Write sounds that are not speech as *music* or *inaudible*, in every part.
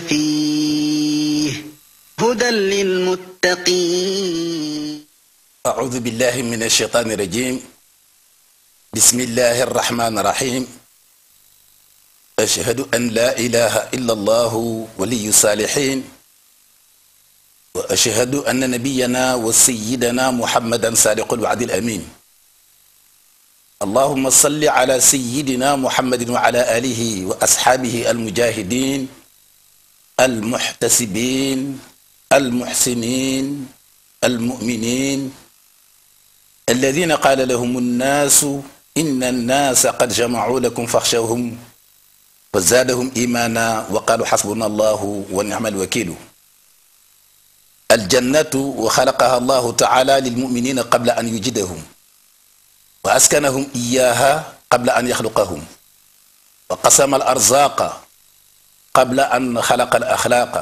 فيه هدى للمتقين أعوذ بالله من الشيطان الرجيم بسم الله الرحمن الرحيم أشهد أن لا إله إلا الله ولي الصالحين وأشهد أن نبينا وسيدنا محمدا صادق الوعد الأمين اللهم صل على سيدنا محمد وعلى آله وأصحابه المجاهدين المحتسبين المحسنين المؤمنين الذين قال لهم الناس إن الناس قد جمعوا لكم فاخشوهم وزادهم إيمانا وقالوا حسبنا الله ونعم الوكيل الجنة وخلقها الله تعالى للمؤمنين قبل أن يجدهم وأسكنهم إياها قبل أن يخلقهم وقسم الأرزاق قبل أن خلق الأخلاق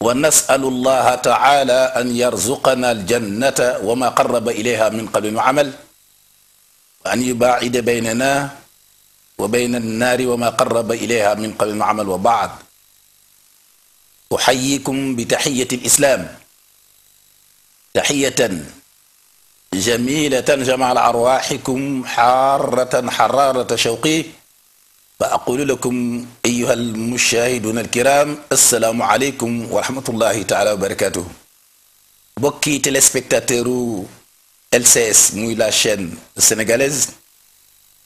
ونسأل الله تعالى أن يرزقنا الجنة وما قرب إليها من قبل عمل وأن يباعد بيننا وبين النار وما قرب إليها من قبل عمل وبعد أحييكم بتحية الإسلام تحية جميلة جمع أرواحكم حارة حرارة شوقي wa aqulu lakum ayuha almushahiduna alkiram assalaamu aleykum wa rahmatullahi taala wa barakatuh bokki téléspectateur u LCS muy la chaîne sénégalaise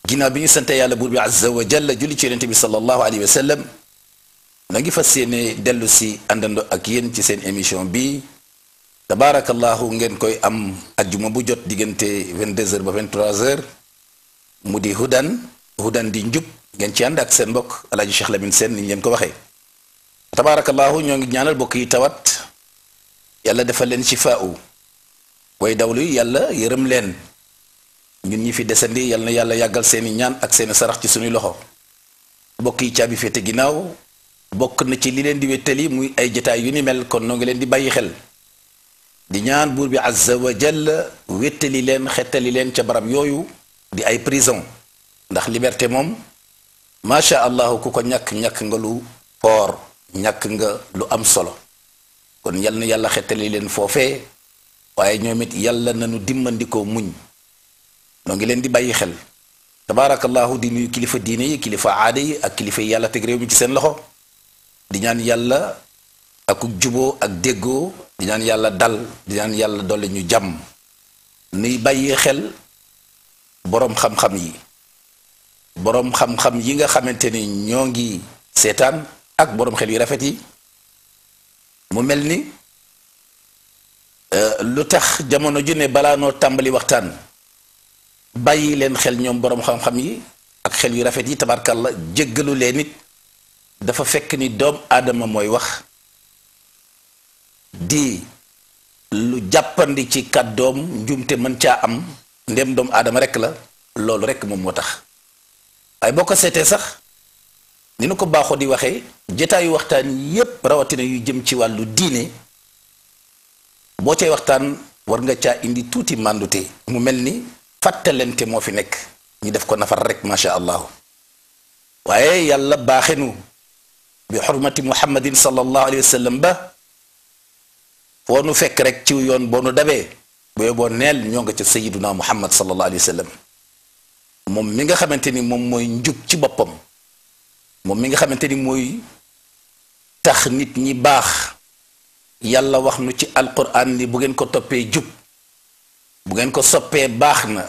ginnaaw bi ñu sante yàlla buur bi azza jalla julli ci yonente bi sallallahu alayhi wa sallam na ngi fas yéene dellu àndandoo ak yéen ci seen émission bi tabaarakallahu ngeen koy am ajjuma bu jot diggante 22 heures ba 23 heures mu di hudan di njub ngeen ci ànd ak seen mbokk El Cheikh Lamine sen ni leen ko waxee tabaarakallaahu ñoo ngi ñaanal mbokk yi tawat yàlla defal leen shifaa'u way dawlu yàlla yërëm leen ñun ñi fi desandi yàlla na yàlla yàggal seeni ñaan ak seeni sarax ci suñuy loxo mbokk yi caabi fete ginnaaw bokk na ci li leen di wéttali muy ay jataay yu ni mel kon noo ngi leen di bàyyi xel di ñaan buur bi azza wa jalla wéttali leen xettali leen ca barab yooyu di ay prison ndax liberté moom macha allah ku ko ñàkk ñàkk nga lu foor ñàkk nga lu am solo kon yal na yàlla xettali leen foofee waaye ñoomit yàlla na nu dimmandikoo muñ noo ngi leen di bàyyi xel tabaarakallahu di nuyu kilifa diine yi kilifa aada yi ak kilifa yi yàlla teg réew mi ci seen loxo di ñaan yàlla ak juboo ak déggoo di ñaan yàlla dal di ñaan yàlla dolli ñu jàmm nuy bàyyi xel boroom xam-xam yi. borom xam-xam yi nga xamanteni setan ñoo ak borom xel yi rafet yi mu melni ni euh, jamono ju ne bala no tambali waxtan bayi len xel ñom borom xam-xam yi ak xel yu rafet yi tabarakallah jéggalu le nit dafa fekk ni doom aadama moy wax di lu jappandi ci kaddom njumte man ca am ndem doom aadama rek la lolou rek mom motax waaye boo ko seetee sax ni nu ko baaxoo di waxee jotaayu waxtaan yi yépp rawatina yu jëm ci wàllu diine boo cay waxtaan war nga caa indi tuuti màndute mu mel ni fàttalente moo fi nekk ñu def ko nafar rek macha allahu waaye yàlla baaxenu bi xurmati muhammadin sallallahu alayhi wa sallam ba foo nu fekk rek ciw yoon boo nu dabee bu yóbboo neel ñoo nga ca sayiduna muhammad sallallahu alayhi wa sallam moom mi nga xamante ni moom mooy njub ci boppam moom mi nga xamante ni mooy tax nit ñi baax yàlla wax nu ci alquran ni bu ngeen ko toppee jub bu ngeen ko soppee baax na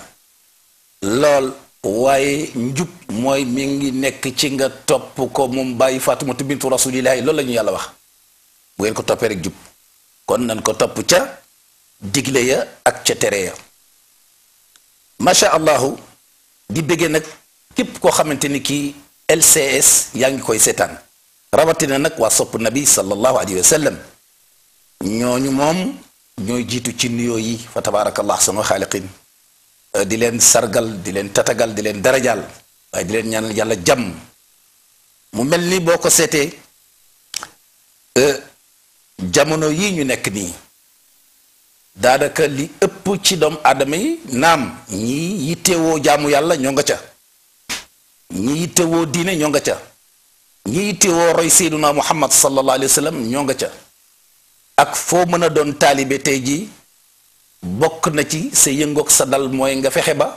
lool waaye njub mooy mi ngi nekk ci nga topp ko moom bàyyi Faatumatu bintu rasulillahi loolu la ñu yàlla wax bu ngeen ko toppee rek jub kon nan ko topp ca digle ya ak ca tere ya macha allahu di bëggee nag képp koo xamante ni kii LCS yaa ngi koy seetaan rawatina nag waa sopp nabi sallallahu alayhi wa sallam ñooñu moom ñooy jiitu ci nuyoo yi fa tabaarakallah sama xaaliqin euh, di leen sargal di leen tatagal di leen darajaal waaye di leen ñaanal yàlla jàmm mu mel ni boo ko seetee euh, jamono yii ñu nekk nii daanaka li ëpp ci doom aadama yi naam ñi yittewoo jaamu yàlla ñoo nga ca ñi yittewoo diine ñoo nga ca ñi yittewoo roy seyduna muhammad sallallahu alayhi wa sallam ñoo nga ca ak foo mën a doon taalibe tey jii bokk na ci sa yëngook sa dal mooy nga fexe ba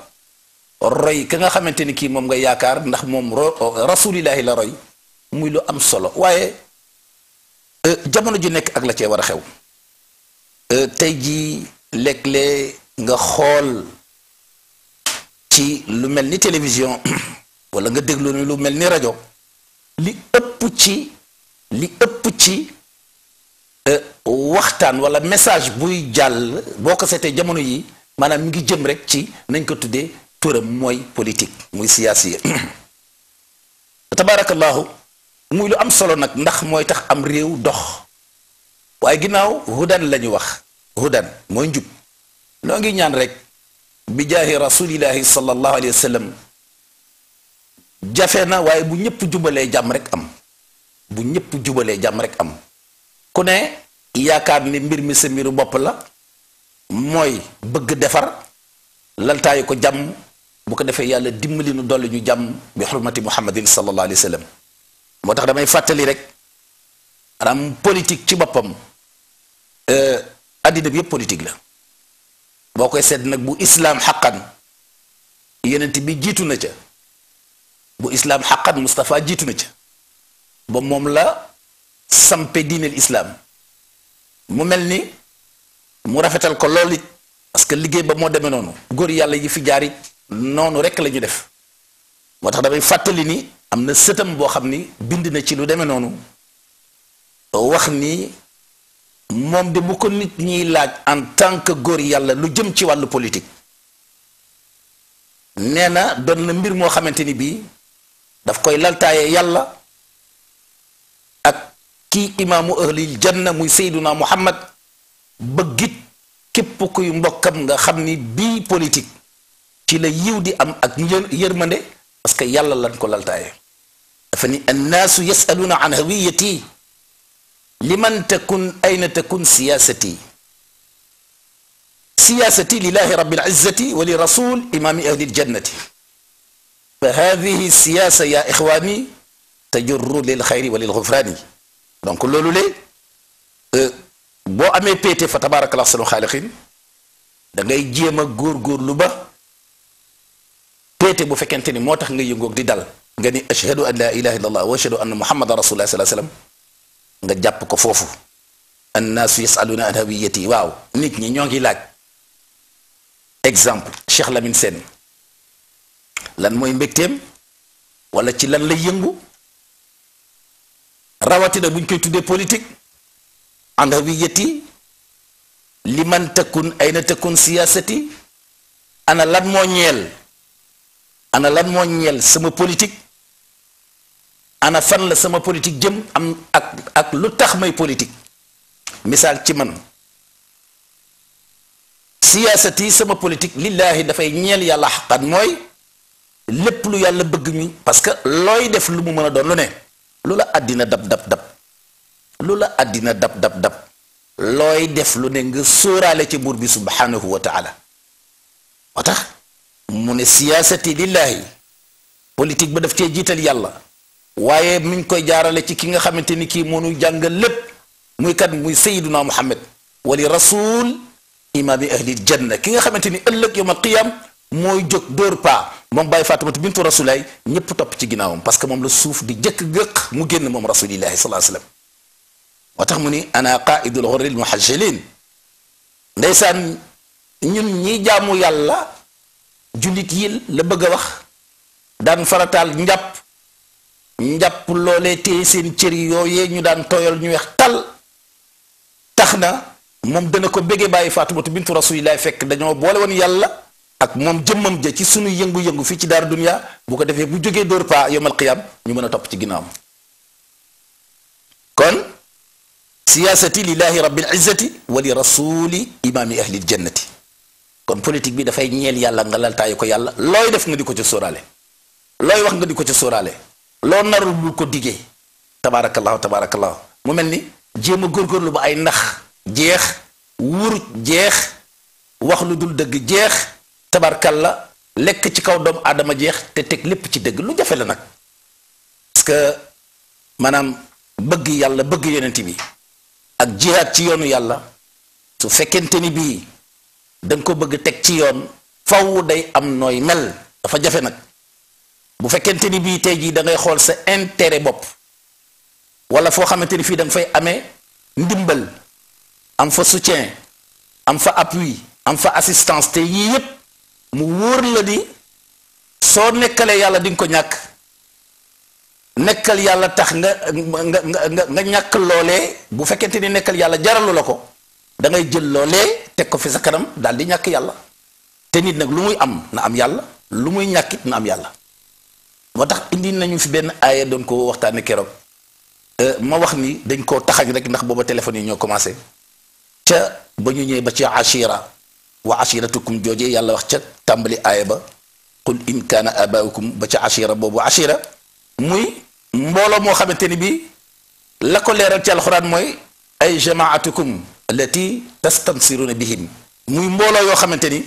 roy ka nga xamante ni kii moom nga yaakaar ndax moom rasulillahi la roy muy lu am solo waaye euh, jamono ji nekk ak la cee war a xew Euh, tey jii léeg-léeg nga xool ci lu mel ni télévision *coughs* wala nga déglu ni lu mel ni rajo li ëpp ci li ëpp ci euh, waxtaan wala message buy jàll boo ko seetee jamono yi maanaam mi ngi jëm rek ci nañ ko tuddee turam mooy politique muy siyaasi *coughs* tabaarakallaahu muy lu am solo nag ndax mooy tax am réew dox waaye ginnaaw hudan la ñu wax hudan mooy njub noo ngi ñaan rek bi jaahi rasulillahi sallallahu alayhi wa sallam jafe na waaye bu ñëpp jubalee jàmm rek am bu ñëpp jubalee jàmm rek am ku ne yaakaar ni mbir mi sa mbiru bopp la mooy bëgg defar laltaayu ko jàmm bu ko defee yàlla dimbali nu dolli ñu jàmm bi xurmati muhammadin sallallahu alayhi wa sallam moo tax damay fàttali rek ram politique ci bopam euh adina bi politique la bokoy koy nak bu islam haqqan yenenti bi jitu na ca bu islam haqqan mustafa jitu na ca ba mom la sampe dinel islam mu melni mu rafetal ko lolit parce que liguey ba mo demé nonou gor yàlla yi fi jaarit nonou rek lañu def motax da bay fatali ni amna sëtam bo xamni bind na ci lu demé nonou wax ni moom de bu ko nit ñiy laaj en tant que góor yàlla lu jëm ci wàllu politique nee na doon na mbir moo xamante ni bii daf koy laltaaye yàlla ak kii imaamu ahlil janna muy seyduna muhammad bëggit képp kuy mbokkam nga xam ni bii politique ci la yiw di am ak yërmande parce que yàlla lañ ko laltaaye dafa ni annaasu yasaluuna an hawiyati لمن تكن أين تكن سياستي سياستي لله رب العزة ولرسول إمام أهل الجنة فهذه السياسة يا إخواني تجر للخير وللغفران دونك لولو لي أه، بو أمي بيتي فتبارك الله سلو خالقين دغاي جيما غور غور لوبا بيتي بو فكنتني موتاخ nga دي دال غني أشهد أن لا إله إلا الله وأشهد أن محمد رسول الله صلى الله عليه وسلم nga jàpp ko foofu annaasu yasaluna an hawiyati waaw nit ñi ñoo ngi laaj exemple Cheikh Lamine Sène lan mooy mbégteem wala ci lan lay yëngu rawatina buñ koy tuddee politique an hawiyati li man takkun ayna takkun siyaasati ana lan moo ñeel ana lan moo ñeel sama politique ana fan la sama politique jëm am ak lu tax may politique misaal ci man siyaasat sama politique lillaahi dafay ñeel yàlla xaqat mooy lépp lu yàlla bëgg ñu parce que looy def lu mu mën a doon lu ne lu la àddina dab dab dab lu la àddina dab dab dab looy def lu ne nga sóoraale ci buur bi subhanahu wa taala moo tax mu ne siyaasati lillaahi politique ba def cee jiital yàlla waye miñ koy jaarale ci ki nga xamanteni ki kii nu jàngal lépp muy kat muy sayyiduna muhammad wali rasul imaami ahli janna ki nga xamanteni ni ëllëg yawmal qiyaam mooy jóg dóor paa moom bàyyi fatimatu bintu rasulay ñëpp topp ci ginnaawam parce que moom la suuf di jëkk gëq mu génn moom rasulillahi salaa sallam moo tax mu ni ana qaidul xurril muhajjalin ndeysaan ñun ñi jaamu yàlla julit yi la bëgg a wax daan faratal njàpp njàpp loolee téye seen cër yooyee ñu daan tooyal ñu weex tal tax na moom dana ko bëggee bàyyi Faatumata bintu Rasulillahi fekk dañoo boole woon yàlla ak moom jëmmam ja ci sunu yëngu-yëngu fii ci daar duniya bu ko defee bu jógee dóor paa yomal qiyam ñu mën a topp ci ginnaawam kon siyaasati lillahi rabbil izzati wa li rasuli imaami ahli jannati kon politique bi dafay ñeel yàlla nga ko yàlla looy def nga di ko ca sóoraale looy wax nga di ko ca sóoraale loo narul bu ko diggee tabaarakallaahu tabaarakallaahu mu mel ni jéem a góorgóorlu ba ay ndax jeex wuruj jeex wax lu dul dëgg jeex tabarkalla lekk ci kaw doomu aadama jeex te teg lépp ci dëgg lu jafe la nag parce que maanaam bëgg yàlla bëgg yonent bi ak jihaat ci yoonu yàlla su fekkente ni bii da ko bëgg teg ci yoon faw day am nooy mel dafa jafe nag bu fekkente ni bii tey jii dangay xool sa intérêt bopp wala foo xamante ni fii danga nga fay amee ndimbal am fa soutien am fa appui am fa assistance te yii yépp mu wóor la di soo nekkalee yàlla di nga ko ñàkk nekkal yàlla tax nga nga nga nga ñàkk loolee bu fekkente ni nekkal yàlla jaralu la ko dangay jël loolee teg ko fi sa kanam daal di ñàkk yàlla te nit nag lu muy am na am yàlla lu muy ñàkkit na am yàlla moo tax indi nañu fi benn aaya doon ko waxtaane keroog ma wax ni dañ koo taxañ rek ndax booba téléphone yi ñoo commencé ca ba ñu ñëwee ba ci ashira wa ashiratukum joojee yàlla wax ca tàmbali aaya ba qul in kaana abaaukum ba ci ashira boobu ashira muy mbooloo moo xamante ni bi la ko leeral ci alxuraan mooy ay jamaatukum allati tastansiruna bihim muy mbooloo yoo xamante ni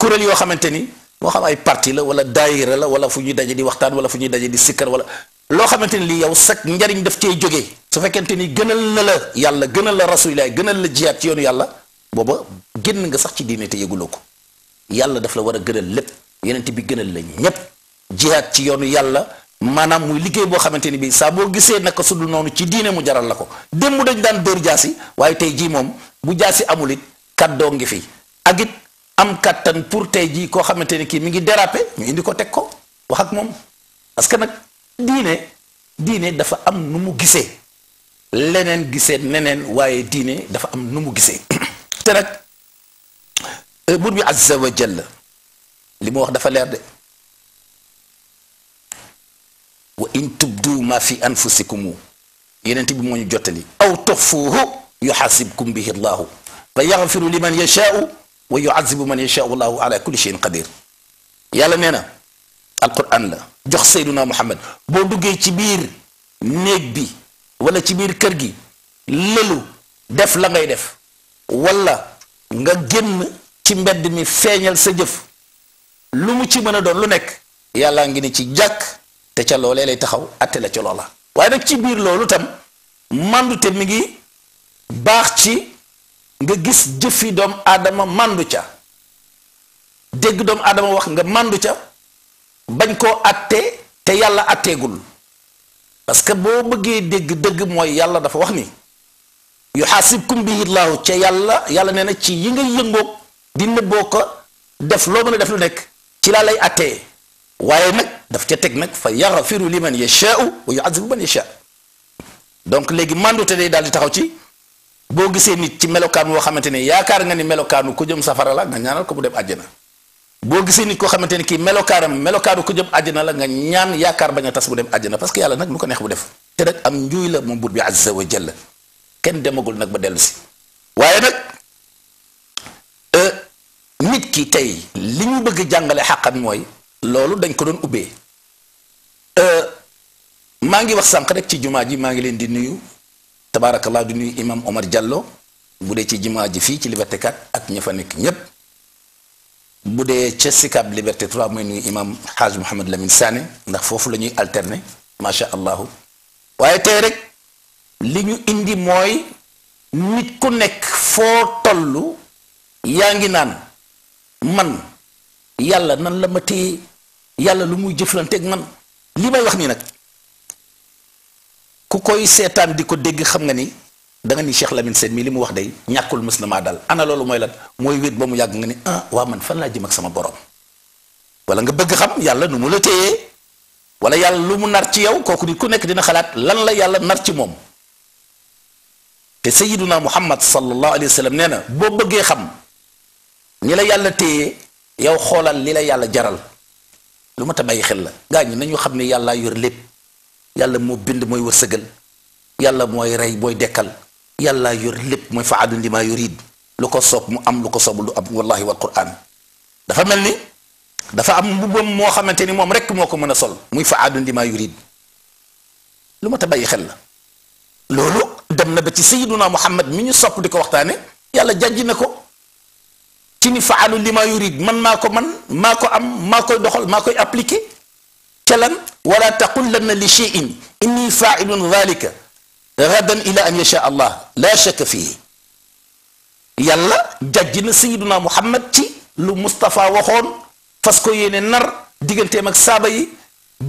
kuréel yoo xamante ni moo xam parti la wala daayira la wala fu ñuy dajee di waxtaan wala fu ñuy daje di sikkar wala loo xamante ni lii yow sak njariñ daf cee jógee su fekkente ni gënal na la yàlla gënal la rasulilaay gënal la jiyaat ci yoonu yàlla booba génn nga sax ci diine te ko yàlla daf la war a gënal lépp yenent bi gënal la ñépp jihaat ci yoonu yàlla maanaam muy liggéey boo xamante ni bii saa boo gisee naka sudul noonu ci diine mu jaral la ko démb dañu daan dóor jaasi waaye tey jii moom bu jaasi amul it kàddoo ngi fi am katan pour tay ji ko xamanteni ki mi ngi déraper mi indi ko tek ko wax ak mom parce que nak diine diine dafa am nu mu gisee leneen gisee neneen waaye diine dafa am nu mu gisee te nak bur bi azza wa jalla limu wax dafa leer de wa in tubdu ma fi anfusikum yeneent bi moñu jotali aw tuxfuuhu yuhasibkum bihi allah fa yaxfiru liman yashaau ويعذب من يشاء yasha على كل شيء قدير يلا نينا القران لا جخ سيدنا محمد بو دوجي boo بير نيك بي ولا bi بير ci للو ديف لا lëlu ديف ولا nga génn ci mbedd mi feñal sa jëf lu mu ci mëna doon lu nekk yàlla ngi ni ci jàkk te ca loolee lay taxaw atte la ci loola waaye nag ci biir loolu tam màndute mi ngi baax ci nga gis jëfi doom aadama mandu ca dégg doom aadama wax nga mandu ca bañ koo atte te yàlla atteegul parce que boo bëggee dégg dëgg mooy yàlla dafa wax ni yuxaasibkum bihi llaahu ca yàlla yàlla nee na ci yi ngay yëngoog di boo ko def loo mën a def lu nekk ci laa lay attee waaye nag daf ca teg nag fa yaxfiru liman yashaau wa yuazibu man yashaa donc léegi mandu te day daal di taxaw ci boo gisee nit ci melokaan woo xamante ne yaakaar nga ni melokaanu ku jëm safara la nga ñaanal ko mu dem àjjana boo gisee nit koo xamante ne kii melokaaram melokaanu ku jëm àjjana la nga ñaan yaakaar bañ a tas bu dem àjjana parce que yàlla nag te nag am njuuy la moom buur bi azza wa jalla demagul nag ba dellu waaye euh, nit ki tey li ñu bëgg jàngale xàqan mooy loolu dañ ko doon ubbee euh, maa ngi wax sànq rek ci jumaa ji maa ngi leen di nuyu tabaarakallaa du nuyu imam Omar Diallo bu dee ci jimaa ji fii ci Liberté 4 ak ña fa nekk ñépp bu dee ca Sicap Liberté 3 mooy nuyu imam Hadj Mouhamed Lamine Sané ndax foofu la ñuy alterner macha allahu waaye tey rek li ñu indi mooy nit ku nekk foo tollu yaa ngi naan man yàlla nan la ma téye yàlla lu muy jëflante ak man li may wax nii nag ku koy seetaan di ko dégg xam nga ni da nga ni Cheikh seen mii li mu wax day ñàkkul mës na maa dal ana loolu mooy lan mooy wéet ba mu yàgg nga ni ah waa man fan laa jëm ak sama borom wala nga bëgg xam yàlla nu mu la téye wala yàlla lu mu nar ci yow kooku nit ku nekk dina xalaat lan la yàlla nar ci moom te sayiduna muhammad sallallahu alayhi wa sallam nee na boo bëggee xam ni la yàlla téye yow xoolal li la yàlla jaral lu ma ta bàyyi xel la gaa ñi nañu xam ne yàllaa yor lépp يلا مو بند موي وسغل يلا موي راي موي ديكال يلا يور ليب موي فعل لما يريد لوكو صوب مو ام لوكو صوب لو والله والقران دا فا ملني دا فا ام مبوم مو مرك موم ريك موكو مانا سول موي فعل لما يريد لما تباي خيل لولو دم نبي تي سيدنا محمد مي ني صوب ديكو وقتاني يالا جاجي نكو تي فعل لما يريد من ماكو من ماكو ام ماكو دخل ماكو ابليكي كلام ولا تقل لنا لشيء اني فاعل ذلك غدا الى ان يشاء الله لا شك فيه يلا ججن سيدنا محمد تي لو مصطفى وخون فاسكو يين النار ديغنتي ماك صابي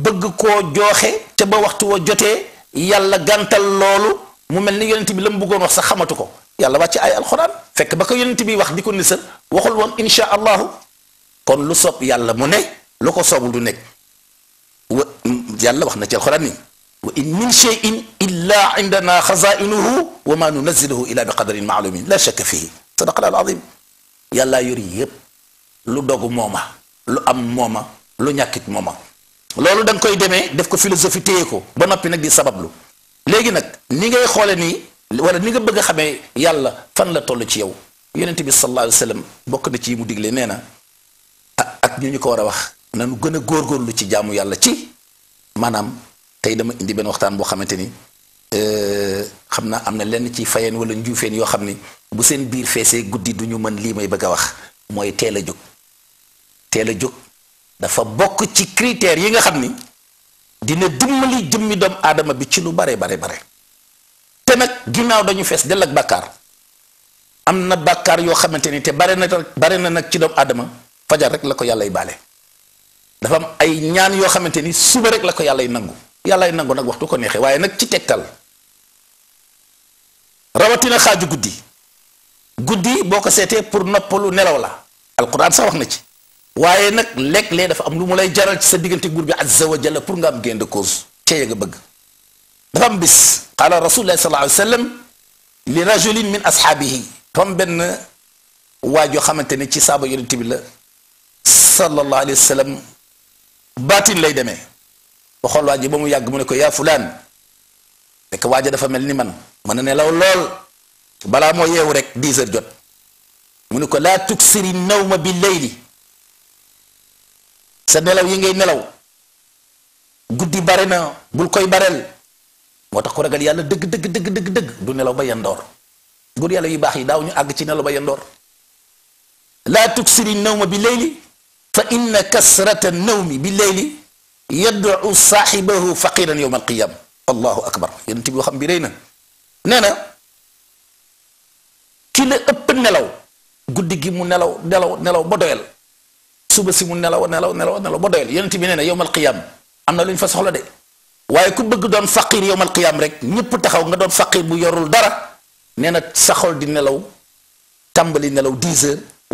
بغ كو جوخي تا با وقتو جوتي يلا غانتال لولو مو ملني يونتي بي لم بوغون واخ سا خاماتوكو يلا واتي اي القران فك باكو يونتي بي واخ ديكو نيسل واخول وون ان شاء الله كون لو سوب يلا مو ني لوكو سوبو دو نيك يالله واخنا تي القران وان من شيء الا عندنا خزائنه وما ننزله الا بقدر معلوم لا شك فيه صدق الله العظيم يالله يري لو دوغ موما لو ام موما لو نياكيت موما لولو دنجكاي ديمي ديفكو فيلوزوفي تيكو با نوبي نك دي سبب لو لغي نك نيغي خولي ني ولا نيغا بغا خامي يالله فان لا تولو تي ياو يونتبي صلى الله عليه وسلم بوك دي تي مو ديغلي نينا اك نيو نكو nanu gën a góorgóorlu ci jaamu yàlla ci maanaam tey dama indi benn waxtaan boo xamante ni euh, xam naa am na lenn ci fayeen walla njuufeen yoo xam ni bu seen biir feesee guddi du ñu mën lii may bëgg a wax mooy teel a jóg teel a jóg dafa bokk ci critères yi nga xam ni dina dimbali jëmmi doomu aadama bi ci lu bare bare bare te nag ginnaaw dañu fees dell ak bàkkaar am na bàkkaar yoo xamante ni te bare na bare na nag ci doomu aadama fajar rek la ko yàllay baale dafa am ay ñaan yo xamanteni suba rek la ko yalla nangu yalla nangu nak waxtu ko nexe waye nak ci rawati na xaju guddi guddi boko sété pour noppalu nelaw la alquran sax wax na ci waye nak lek le dafa am lu mu lay jaral ci sa digënté guur bi azza wa jalla pour nga am gën de cause ca ya nga bëgg dafa am bis qala rasulullah sallallahu alayhi wasallam li rajulin min ashabihi dafa ben benn xamanteni ci saaba yonente bi la sallallahu alayhi wasallam baatin lay demee waxool waa ji ba mu yàgg mu ne ko yaa fulaan fekk waa ji dafa mel ni man mën a nelaw lool balaa moo yeewu rek dix jot mu ne ko laa tuksiri nawma bi leyli sa nelaw yi ngay nelaw guddi bare na bul koy bareel moo tax ko ragal yàlla dëgg dëgg dëgg du nelaw ba yandoor góor yàlla yu baax yi daaw ñu àgg ci nelaw ba yandoor laa tuksiri nawma bi leyli فإن كسرة النوم بالليل يدعو صاحبه فقيرا يوم القيامة الله أكبر ينتبه خمبرينا نانا كلا أبن نلو قد جيم نلو نلو نلو بدويل سبسي نلو نلو نلو نلو بدويل ينتبه نانا يوم القيامة أنا لين فسخلا دي waye ku bëgg doon faqir yowmal qiyam rek ñëpp taxaw nga doon faqir bu yorul dara nee na saxol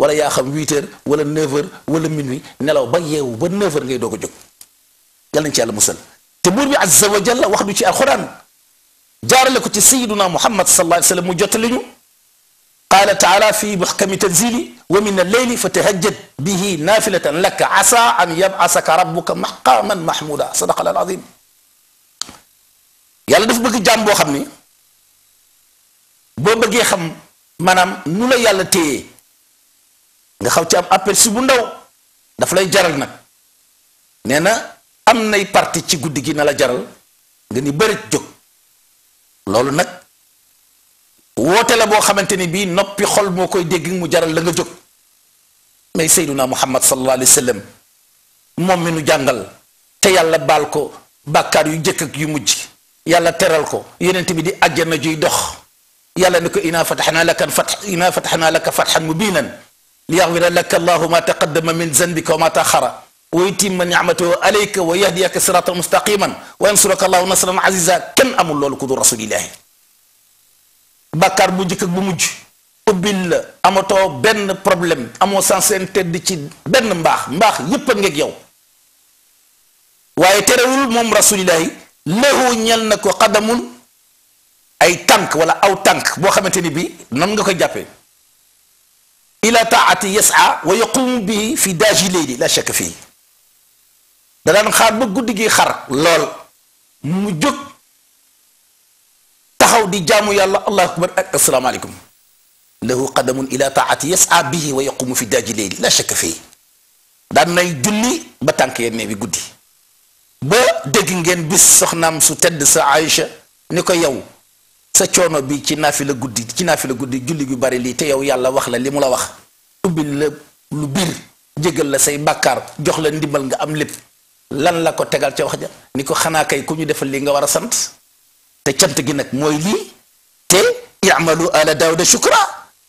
wala yaa xam huit heures wala neuf heures wala minuit nelaw ba yeewu ba neuf heures ngay doog a jóg yal nañ ci yàlla musal te buur bi azza wa jalla wax du ci alxuraan jaarale ko ci sayiduna muhammad sallallahu alayhi wa sallam mu jottali ñu qaala taala fi muxkami tanzili wa min alleyli fa tahajjad bihi naafilatan laka asa an yabasaka rabbuka maqaman mahmuda sadaqa al azim yàlla dafa bëgg jàmm boo xam ni boo bëggee xam maanaam nu la yàlla téye nga xaw ci am appel si bu ndaw dafa lay jaral nag nee na am nay parti ci guddi gi na la jaral nga ni bëri jóg loolu nag woote la boo xamante ni bii noppi xol moo koy dégg mu jaral la nga jóg mais Seyduna Muhammad sallallahu alayhi wa sallam moom mi nu jàngal te yàlla baal ko bàkkaar yu jëkk yu mujj yàlla teral ko yenent bi di àjjana juy dox yàlla ni ko inaa fataxnaa laka fatax inaa fataxnaa laka fatxan mubiinan ليغفر لك الله ما تقدم من ذنبك وما تأخر ويتم نعمته عليك ويهديك صراطا مستقيما وينصرك الله نصرا عزيزا كن امول لول كدور رسول الله بكار بوجيك بوموج اوبيل اموتو بن بروبليم امو سانسين تيد سي بن مباخ مباخ ييب نك ياو واي تيرول موم رسول الله له نيل نكو قدم اي تانك ولا او تانك بو خامتيني بي نان نكو جابي إلى طاعته يسعى ويقوم به في داجي ليلي لا شك فيه دلان خار بقودي جي خار لول مجد تخو دي جامو يا الله أكبر السلام عليكم له قدم إلى طاعته يسعى به ويقوم في داجي ليلي لا شك فيه دلان يدلي بطانك يرمي بقودي با دقنجين بس سخنام سو تد سا عايشة نكو يوم sa coono bi ci naafila guddi ci naafila guddi julli gu bari lii te yow yàlla wax la li mu la wax ubbil la lu biir jégal la say bàkkaar jox la ndimbal nga am lépp lan la ko tegal ca wax ja ni ko xanaa kay ku ñu defal li nga war a sant te cant gi nag mooy lii te iamalu ala daawuda shukra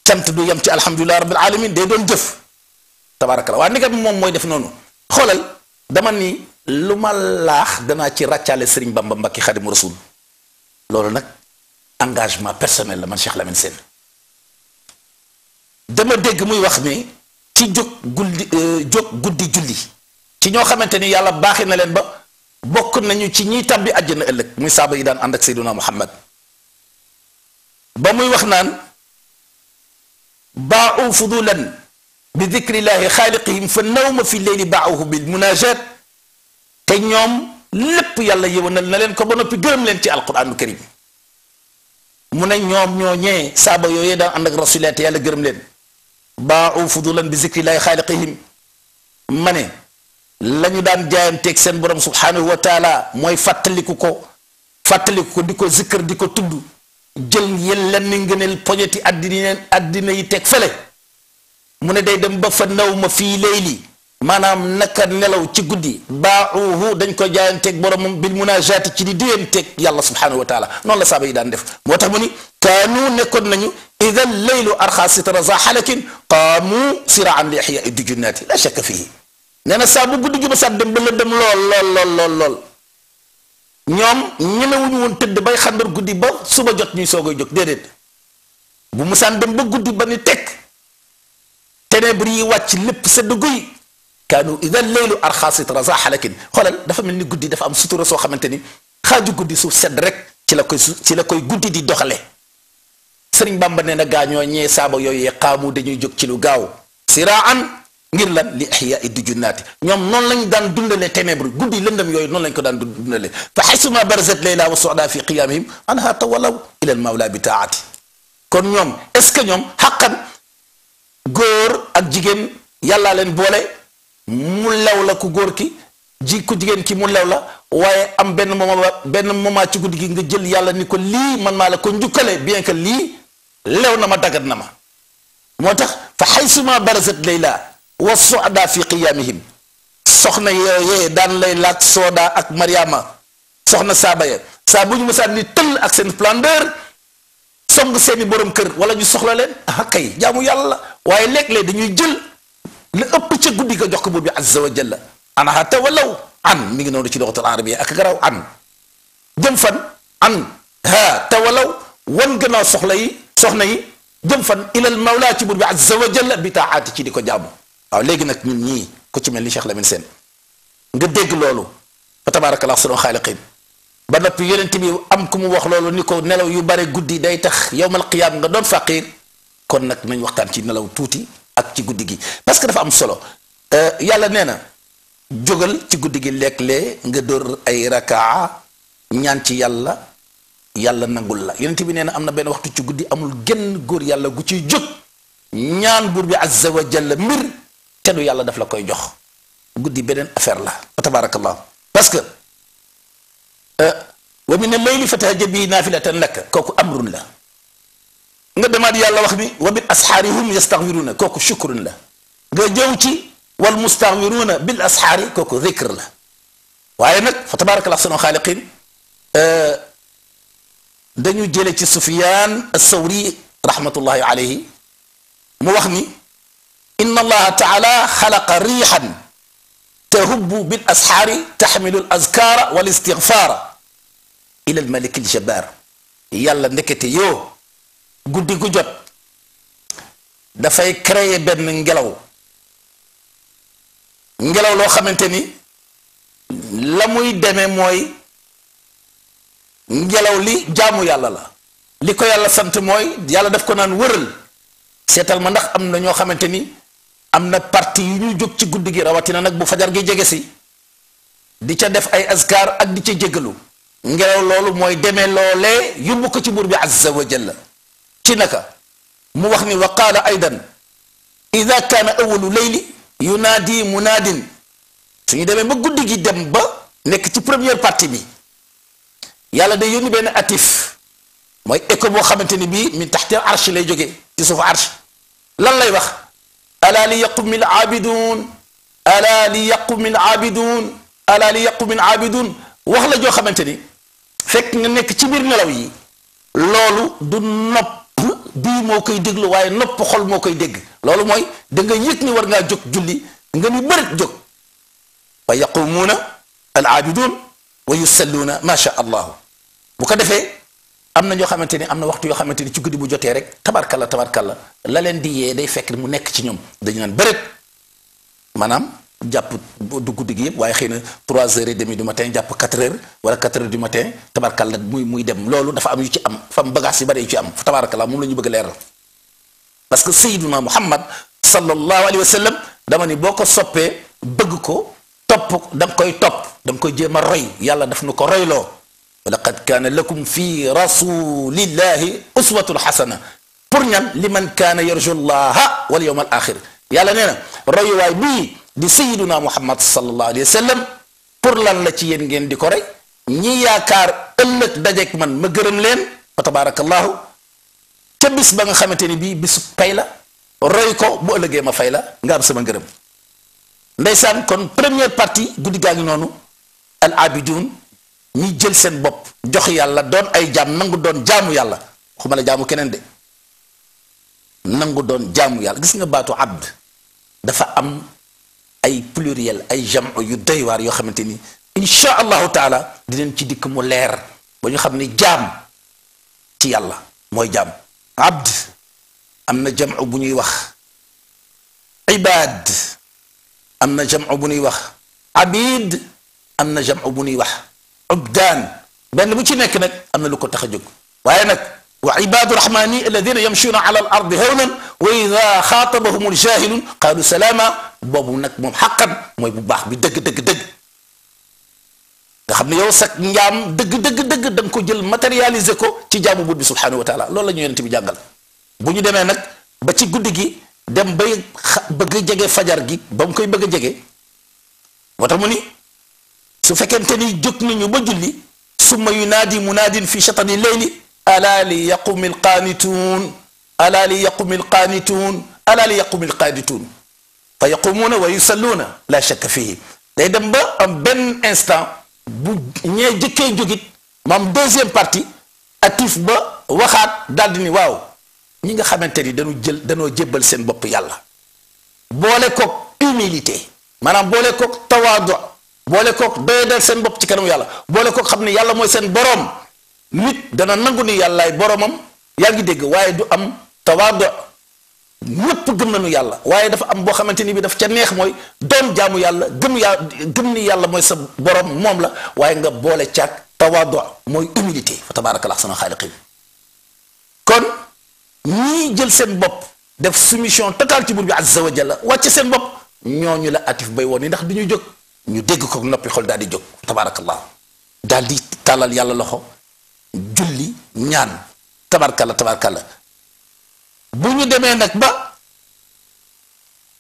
cant du yem ci alhamdulilah rabbil alamin day doon jëf tabarakalla waa ndegam moom mooy def noonu xoolal dama ni lu ma laax danaa ci ràccaale sëriñ bamba mbakki xadimu rasul loolu nag engagement personnel la man Cheikh Lamine Sène dama dégg muy wax ni ci jóg guddi jóg guddi julli ci ñoo xamante ni yàlla baaxi na leen ba bokk nañu ci ñiy tàbbi àjjana ëllëg muy saaba yi daan ànd ak Seyduna Muhammad ba muy wax naan baau fudulan bi dikrillahi xaaliqihim fa nawma fi leyli baauhu bil munajat te ñoom lépp yàlla yëwanal na leen ko ba noppi gërëm leen ci alquranu karim mu ne ñoom ñoo ñee saaba yooyee daan ànd ak rasulillah te yàlla gërëm leen baa baaxu fudulan bi zikrillahi xaaliqihim ma ne lañu daan daan jaayanteeg seen borom subhanahu wa taala mooy fàttaliku ko fàttaliku ko di ko zikkër di ko tudd jël yel lenn ngëneel poñeti addina addina yi teg fële mu ne day dem ba fa naw ma fii layli manam naka nelaw ci guddii baaxuhu dañ ko jaayanteeg borom bil munajat ci di déyanteeg yàlla subhanahu wa taala non la sabay yi daan def motax tax mu ni kaanu nekkoon nañu ida leylu arxa sitra za xalakin qaamu siraan li ixyaai dujunnaati la shak fihi nena na saa bu guddi ba saat dem ba la dem lol lol lol lol lool ñoom ñemewuñu won tëdd bay xandar guddii ba suba jot ñuy soogay jóg dedet bu musan dem ba guddii ba ni tek tenebri wàcc lépp sa duguy kaanu idan leylu arxaasit raza xalakin xoolal dafa mel ni guddi dafa am sutura soo xamante ni xaaju guddi suuf sedd rek ci la koy ci la koy guddi di doxale sëriñ bàmba nee na gaañoo ñee saaba yooyee xaamu dañuy jóg ci lu gaaw siraan ngir lan li axyaa i dujunaati ñoom noonu lañ daan dundale ténèbre guddi lëndëm yooyu noonu lañ ko daan dundale fa xaysuma barazat leyla wa soda fi qiyamihim anha tawalaw ilal mawla bi taati kon ñoom est ñoom xaqan góor ak jigéen mu lew la ku góor ki ji ku jigéen ki mu lew la waaye am benn moment benn moment ci guddi gi nga jël yàlla ni ko lii man maa la ko njukkale bien que lii lew na ma daggat na ma moo tax fa xaysuma barazat layla soo soda fi qiyaamihim soxna yooyee daan lay laaj sooda ak mariama soxna saaba ya saa bu ñu mësaan ni tëll ak seen splendeur song seeni borom kër wala ñu soxla leen ah kay jaamu yàlla waaye léeg-léeg dañuy jël la ëpp ca guddi ga jox ko buur bi azza wa jalla anaha tawalaw an mi ngi noonu ci loxatul arabiya ak garaw an jëm fan an ha tawalaw wan gannaaw soxla yi soxna yi jëm fan ilal mawla ci buur bi azza wa jalla bi taaati ci di ko jaamu waaw léegi nag ñun ñii ku ci mel ni Cheikh Lamine Sène nga dégg loolu fa tabaarakallah sunu xaaliqin ba noppi yeneen bi am ku mu wax loolu ni ko nelaw yu bare guddi day tax yowmal qiyaam nga doon faqiir kon nag nañ waxtaan ci nelaw tuuti ci guddi gi parce que dafa am solo euh, yàlla nee na jógal ci guddi gi lekk-lee nga dóor ay rakaa ñaan ci yàlla yàlla nangul la yonent bi nee na am na benn waxtu ci guddi amul genn góor yàlla gu ci jóg ñaan buur bi azza wa jalla mbir te yàlla daf la koy jox guddi beneen affaire la wa tabarakallah parce que euh, wa min al-layli fatahajjad bihi naafilatan laka kooku amrun la nga demaat yàlla wax bi wa bil asxaari hum yastaxfiruuna kooku chukrun la nga jëw ci wal mustaxfiruuna bil asxaari kooku zikr la waaye nag fa tabaarakallah sunu xaaliqin dañu jële ci sufyaan assawri rahmatullahi alayhi mu wax ni inna allaha taala xalaqa riixan تهب بالأسحار تحمل الأذكار والاستغفار إلى الملك الجبار يلا نكتي يو guddi gu jot dafay créer benn ngelaw ngelaw loo xamante ni la muy demee mooy ngelaw li jaamu yàlla la li ko yàlla sant mooy yàlla def ko naan wëral seetal ma ndax am na ñoo xamante ni am na parti yu ñu jóg ci guddi gi rawatina nag bu fajar gi jege si di ca def ay askar ak di ca jégalu ngelaw loolu mooy demee loolee yóbbu ko ci buur bi azza wa jalla تنكا موخني وقال ايضا اذا كان اول ليل ينادي مناد سوني دامي ما غودي دم با نيك تي بروميير بارتي بي يالا دا يوني بن اتيف موي ايكو بو خامتيني بي من تحت العرش لي جوغي تي سوف عرش لان لاي واخ الا ليقم العابدون الا ليقم العابدون الا ليقم العابدون واخ لا جو خامتيني فك نيك تي بير نلاوي لولو دو نوب bii moo koy déglu waaye nopp xol moo koy dégg loolu mooy da nga yëg ni war ngaa jóg julli nga ni bërit jóg fa yaqumuuna al aabidun wa yusalluuna macha allahu bu ko defee am na ñoo xamante ni am na waxtu yoo xamante ni ci guddi bu jotee rek tabarka la tabarkalla la la leen di yee day fekk mu nekk ci ñoom dañu naan bërit maanaam jàpp du guddi gi yëpp waaye xëy na trois heures et demie du matin jàpp quatre heures wala quatre heures du matin tabarkalla muy muy dem loolu dafa am yu ci am dafa am bagage yu bëri yu ci am fa tabarkalla moom la ñu bëgg leeral parce que sayyiduna muhammad sallallahu alayhi wa sallam dama ni boo ko soppee bëgg ko topp da nga koy topp da nga koy jéem a roy yàlla daf nu ko royloo wa laqad kaana lakum fi rasulillahi uswatun xasana pour ñan li man kaana yarju llaha wal yawm al axir yàlla nee na royuwaay bii di sayiduna muhammad sallallahu alayhi wa sallam pour lan la ci yéen ngeen di ko rey ñi yaakaar ëllëg dajeek man ma gërëm leen fa tabarakallahu te bis ba nga xamante ni bii bisu pay la roy ko bu ëllëgee ma fay la nga am sama ngërëm ndeysaan kon première partie guddi gaa ngi noonu al abidun ñi jël seen bopp jox yàlla doon ay jaam nangu doon jaamu yàlla waxuma la jaamu keneen de nangu doon jaamu yàlla gis nga baatu abd dafa am اي بلوريال اي جمع يدعي وار يخمتني ان شاء الله تعالى دينا تي ديك مو لير جام تي يالا موي جام عبد امنا جمع بني وح عباد امنا جمع بني وح عبيد امنا جمع بني وح عبدان بن بوتي نيك نك امنا لوكو تخا جوك وايي وعباد الرحمن الذين يمشون على الارض هونا واذا خاطبهم الجاهل قالوا سلاما بابو نك محقا موي بباخ بي دك دك دك دا خامني يو سك نيام دك دك دك دنجو جيل ماتيرياليزي كو تي جام بوت بي سبحانه وتعالى لول لا نيو ينتي بي جانغال بو ني ديمي نك با تي غودي غي ديم باي بغي جيغي فجار غي بام كاي بغي جيغي واتامني سو فكنتني جوك نيو با جولي سوما ينادي منادين في شطن الليل ألا ليقم القانتون ألا ليقم القانتون ألا ليقم القانتون فيقومون ويصلون لا شك فيه لأن أن بن إنستان نيجي جوجيت مام دوزيام بارتي أتيف با وخات دالدني واو نيجا خامنتري دانو جيل دانو جيبل سين بوب يالا بولي كوك هيميليتي مانام بولي كوك تواضع بولي كوك بيدل سين بوب تي كانو يالا بولي كوك خامني يالا موي سين بروم nit dana nanguni yalla ay boromam yaa deg waye du am tawadu ñëpp gëm nañu yàlla waye dafa am bo xamanteni bi dafa ca neex moy doon jaamu yàlla gëm ya gëm ni yàlla moy sa borom mom la waye nga boole ak tawadu moy humilité fa tabarakallah sunu xaaliqin kon ñi jël seen bop def soumission totale ci bur bi azza wa jalla wacc seen bop ñoñu la atif bay woni ndax diñu jóg ñu dégg ko nopi xol daal di jóg tabarakallah daal di tàllal yàlla loxo julli ñaan tabarkalla tabarkalla bu ñu demee nag ba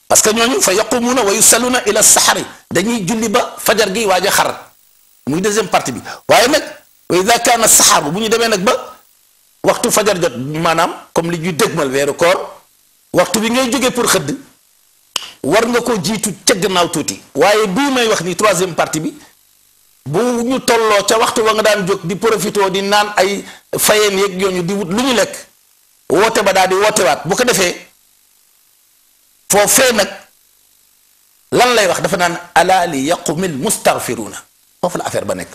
parce que ñooñu fa yaqumuuna wa yusalluuna ila saxar dañuy julli ba fajar gi waaj a xar muy deuxième partie bi waaye nag wa ida kaana saxaaru bu ñu demee nag ba waxtu fajar jot maanaam comme li ñuy dégmal weeru koor waxtu bi ngay jógee pour xëdd war nga ko jiitu ca gannaaw tuuti waaye bii may wax ni troisième parti bi bu ñu tollo ca waxtu ba nga daan jog di profito di naan ay fayeen yek yooñu di wut lu ñu wote woote ba daal di wat bu ko fo fe nak lan lay wax dafa naan ala li yaqumil mustaghfiruna foofu la affaire ba nek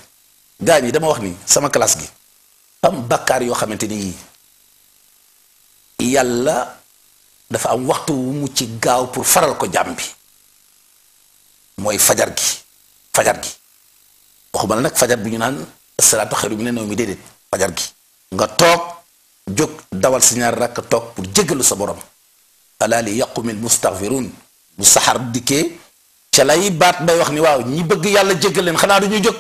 dama wax ni sama classe gi am bakkar yo xamanteni yi yalla dafa am waxtu wu mu ci gaaw pour faral ko jambi moy fajar gi fajar gi waxuma la nag fajar bu ñu naan salaatu xayru mina nawmi déedéet fajar gi nga toog jóg dawal si ñaar rakk toog pour jéggalu sa borom alaa li yaqumil mustaghfiruun bu saxaar dikkee ca lay baat bay wax ni waaw ñi bëgg yàlla jéggal leen xanaa du ñu jóg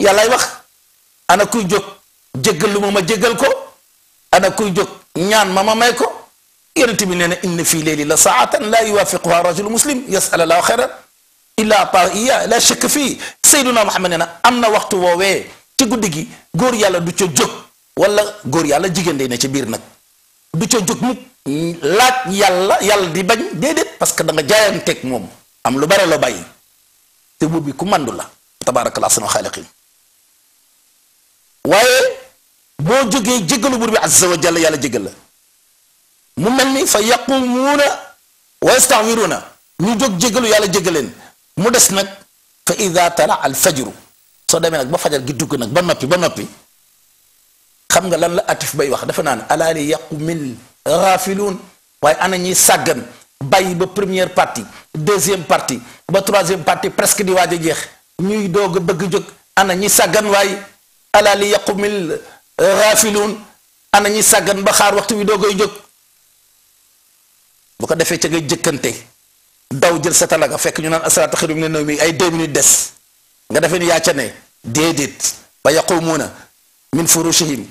yàllaay wax ana kuy jóg jéggal lu ma ma jéggal ko ana kuy jóg ñaan ma ma may ko yonent bi nee na inna fii leeli la saatan laa yuwaafiquha rajulu muslim yasal allahu xayran illa taiya la shakk fii sayduna muhammad nee am na waxtu woowee ci guddi gi góor yàlla du ca jóg wala góor yàlla jigéen de ne ci biir nag du ca jóg mu laaj yàlla yàlla di bañ déedéet parce que da nga teg moom am lu bare loo bàyyi te buur bi ku màndu la tabaaraka ahsanu xaaliqin waaye boo jógee jéggalu buur bi azza wa jalla yàlla jéggal la mel ni fa yaqumuuna wa yastaxfiruuna ñu jóg jéggalu yàlla jéggaleen مدس نك فإذا ترى الفجر صدام نك بفجر جدوك نك بنبي بنبي خم غلان لا أتف بي واخ دفنا ألا لي يقوم الغافلون واي أنا ني ساقن باي بو بريمير بارتي دوزيام بارتي با تروازيام بارتي برسك دي واجي جيخ ني دوغ بغ جوك أنا ني ساقن واي ألا لي يقوم الغافلون أنا ني ساقن بخار وقت ويدوغ جوك بكا دفع تغي جكنتي daw jël sa talaga fekk ñu naan asalaatu xayru mina nawmi ay 2 minutes dess nga dafa ni ya ca ne dedet ba yaqumuna min furushihim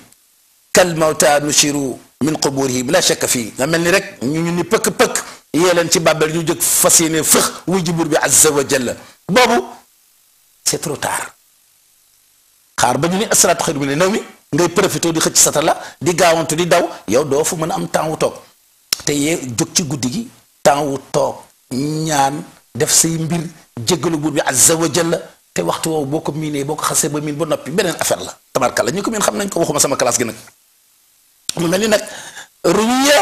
kal mawta nushiru min quburihim la shakka fi nga melni rek ñu ñu ni pek pek yelen ci babel ñu jëk fasiyene fëx wuy ji bi azza wa jalla bobu c'est trop tard xaar ba ñu ni asalaatu xayru mina nawmi ngay profito di xëc sa tala di gaawantu di daw yow do fu mëna am temps wu tok te ye jóg ci guddigi temps wu tok ñaan def say mbir jéggalu bur bi azza wa jalla te waxtu wo boo miné miinee xassé ba min ba nopi benen affaire la tabarkalla ñu ko min xam nañ ko waxuma sama classe gi nak mu melni nak ruya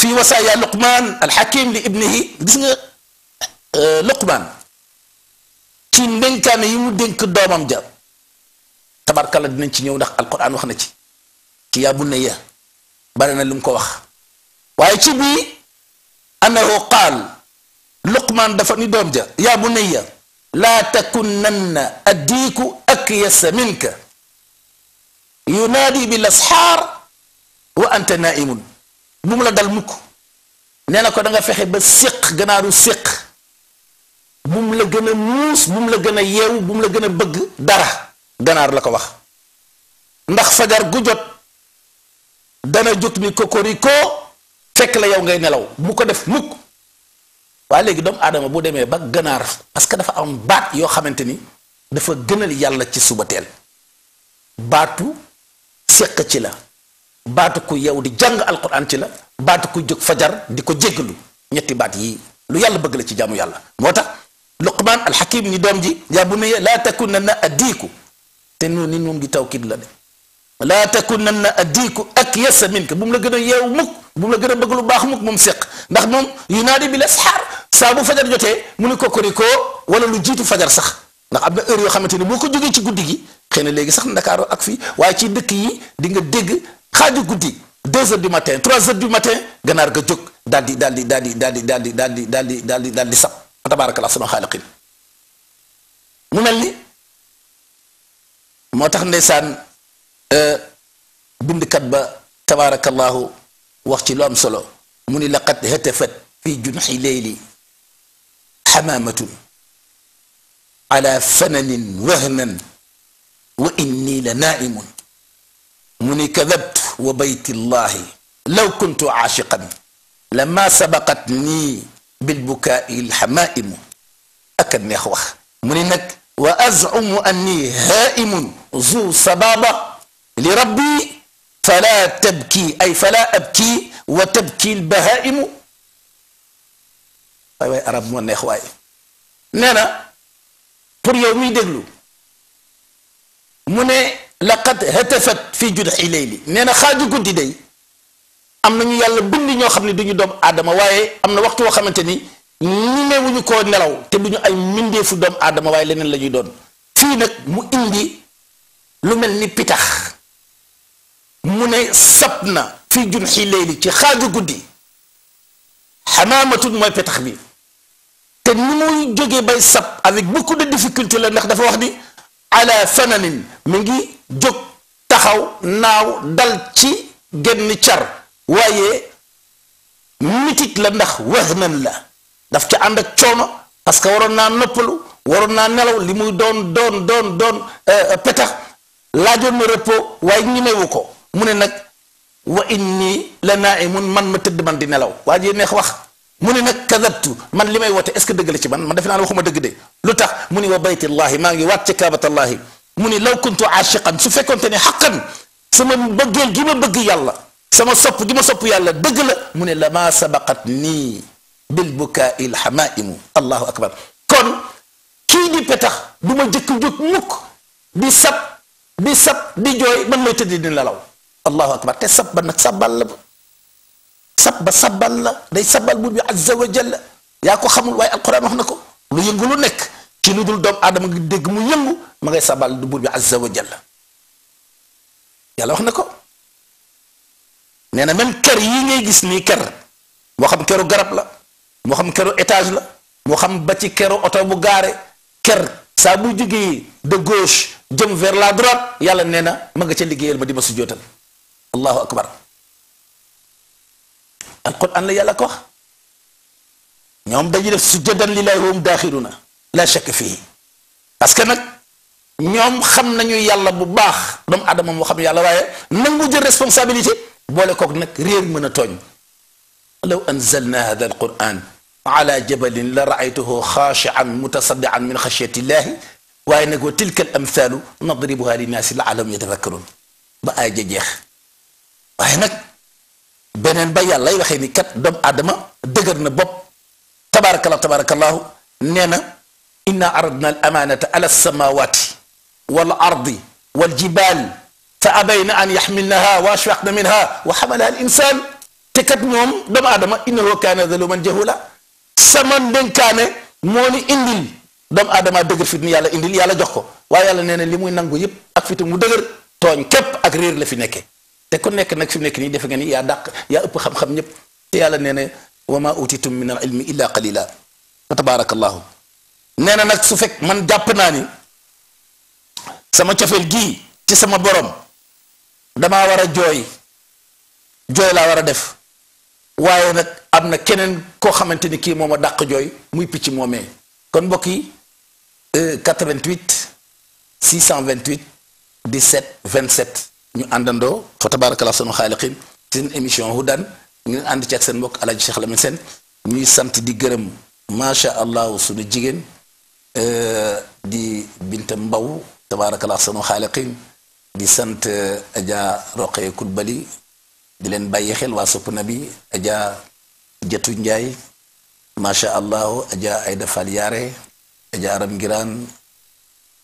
fi wasaya luqman alxakim li ibnihi gis nga luqman ci ndenkane yi mu dénk domam ja tabarkalla dinañ ci ñëw ndax alquran wax na ci ki ya bunayya bari na lu ko wax waye ci bi انه قال لقمان دفني دومجا يا بني لا تكنن أديك أكيس منك ينادي بالأسحار وأنت نائم بملا دلمك نانا كو داغا فخي با سيق غنارو سيق بوملا غنا موس بملا غنا يو بملا غنا بغ دارا غنار لاكو واخ ندخ فجار غو دانا جوت كوكوريكو فك يوم يو غاي نلاو بوكو waa léegi doom aadama bu demee ba ganaar parce que dafa am baat yoo xamante ni dafa gënal yàlla ci suba teel baatu seq ci la baatu ku yow di jàng alquran ci la baatu ku jóg fajar di ko jéggalu ñetti baat yi lu yàlla bëgg la ci jaamu yàlla moo tax luqman alxakim ni doom ji yaa bunayya laa a addiiku te noonu ni moom gi tawkiid la de laa ak addiiku akyasa minka bu mu la gën a yeew mukk bu mu la gën a bëgg lu baax mukk moom seq ndax moom yunaadi bil saa bu fajar jotee mu ni kokoriko wala lu jitu fajar sax ndax amna heure yo xamanteni moko joggé ci guddigi xéna légui sax ndakaaru ak fi way ci dëkk yi di nga dégg xaju guddi 2h du matin 3h du matin ganar ga jóg daldi daldi daldi daldi daldi daldi daldi daldi daldi sax daal di daal di sunu xaaliqin mu melni motax moo euh bind kat ba tabaarakallahu wax ci lu am solo muni laqat hatafat fi junxi leyli حمامة على فنن وهنا وإني لنائم من كذبت وبيت الله لو كنت عاشقا لما سبقتني بالبكاء الحمائم أكن يا أخوة منك وأزعم أني هائم ذو صبابة لربي فلا تبكي أي فلا أبكي وتبكي البهائم way way arab mo neex way neena pour yow mi déglu mune laqad hatafat fi judh leyli neena na xaaju guddi day amna ñu yàlla bind ñoo xamni duñu doomu adama waye amna waxtu wo xamanteni ni ñemewuñu ko nelaw te duñu ay mbindeefu doomu adama waye leneen lañuy doon fi nak mu indi lu melni pitax mu ne sab na fii leyli ci xaaju guddi xamaamatun mooy pitax bi te ni muy jógee bay sab avec beaucoup de difficulté la ndax dafa wax ni ala fananin mi ngi jóg taxaw naaw dal ci genn car waaye mitit la ndax wax nan la daf ca ànd ak coono parce que waroon naa noppalu waroon naa nelaw li muy doon doon doon doon petax laajoon na repos waaye ñimewu ko mu ne nag wa inni la naaimun man ma tëdd man di nelaw waa ji neex wax mu ne nag kadabtu man li may woote est ce que dëgg la ci man man defe naa ne waxuma dëgg de lu tax mu ni wa baytillahi maa ngi waat ci kaabatallahi mu ni law kuntu aashiqan su fekkonte ne xaqan sama bëggeel gi ma bëgg yàlla sama sopp gi ma sopp yàlla dëgg la mu ne la maa sabaqat nii bil bukaai lxamaimu allahu akbar kon kii di petax du ma jëkk jóg mukk di sab di sab di jooy man may tëdd di nelaw allahu akbar te sab ba nag sabal la sab ba sabbal la day sabbal buur bi azza wa jalla yaa ko xamul waaye alquran wax na ko lu yëngu lu nekk ci lu dul doomu aadama nga dégg mu yëngu ma ngay sabal buur bi azza wa jalla yàlla wax na ko nee na même kër yi ngay gis nii kër moo xam këru garab la moo xam këru étage la moo xam ba ci këru oto bu gaare ker saa bu jógee de gauche jëm vers la droite yàlla nee na ma nga ca liggéeyal ma di ma su jootal القران لا كو نيوم داجي سجدا لله هم داخلنا لا شك فيه اسكنا نك نيوم خم نانيو يالا بو باخ ادم مو خم يالا واي نانغو جير ريسبونسابيلتي كوك نك رير مانا توغ لو انزلنا هذا القران على جبل لرايته خاشعا متصدعا من خشيه الله واي نكو تلك الامثال نضربها للناس لعلهم يتذكرون باي جيخ واي نك beneen ba yàllay waxee ni kat doomu aadama dëgër na bopp tabarakallah tabarakallahu nee na inna aradna al amaanata ala samawati wal ardi wal jibaal fa abayna an yaxmilnaha wa ashfaqna minha wa xamalaha al insaan te kat moom doomu aadama innahu kaana zaluman jahula sama ndénkaane moo ni indil doomu aadama dëgër fit ni yàlla indil yàlla jox ko waaye yàlla nee na li muy nangu yëpp ak fitu mu dëgër tooñ képp ak réer la fi nekkee te ku nekk nag fi mu nekk nii defe nga ni yaa dàq yaa ëpp xam-xam ñëpp te yàlla nee na wa ma utitum min al ilmi illa qalila fa tabaarakallahu nee na nag su fekk man jàpp naa ni sama cofeel gii ci sama borom damaa war a jooy jooy laa war a def waaye nag am na keneen koo xamante ni kii moom a dàq jooy muy picc moomee kon mbokk yi 88 628 17 27 ñu àndandoo fa tabaarakalla sunu xaaliqin seen émission hudan ñu ngi ànd seen mbokk El Hadj la Lamine seen ñuy sant di gërëm macha allah sunu jigéen euh, di Binta Mbaw tabaarakalla sunu xaaliqin di sant euh, Adja Roqee Kulbali di leen bàyyi xel waa sopp nabi Adja Jatu Njaay macha allah Adja Ayda Fall Yaare Adja Ngiraan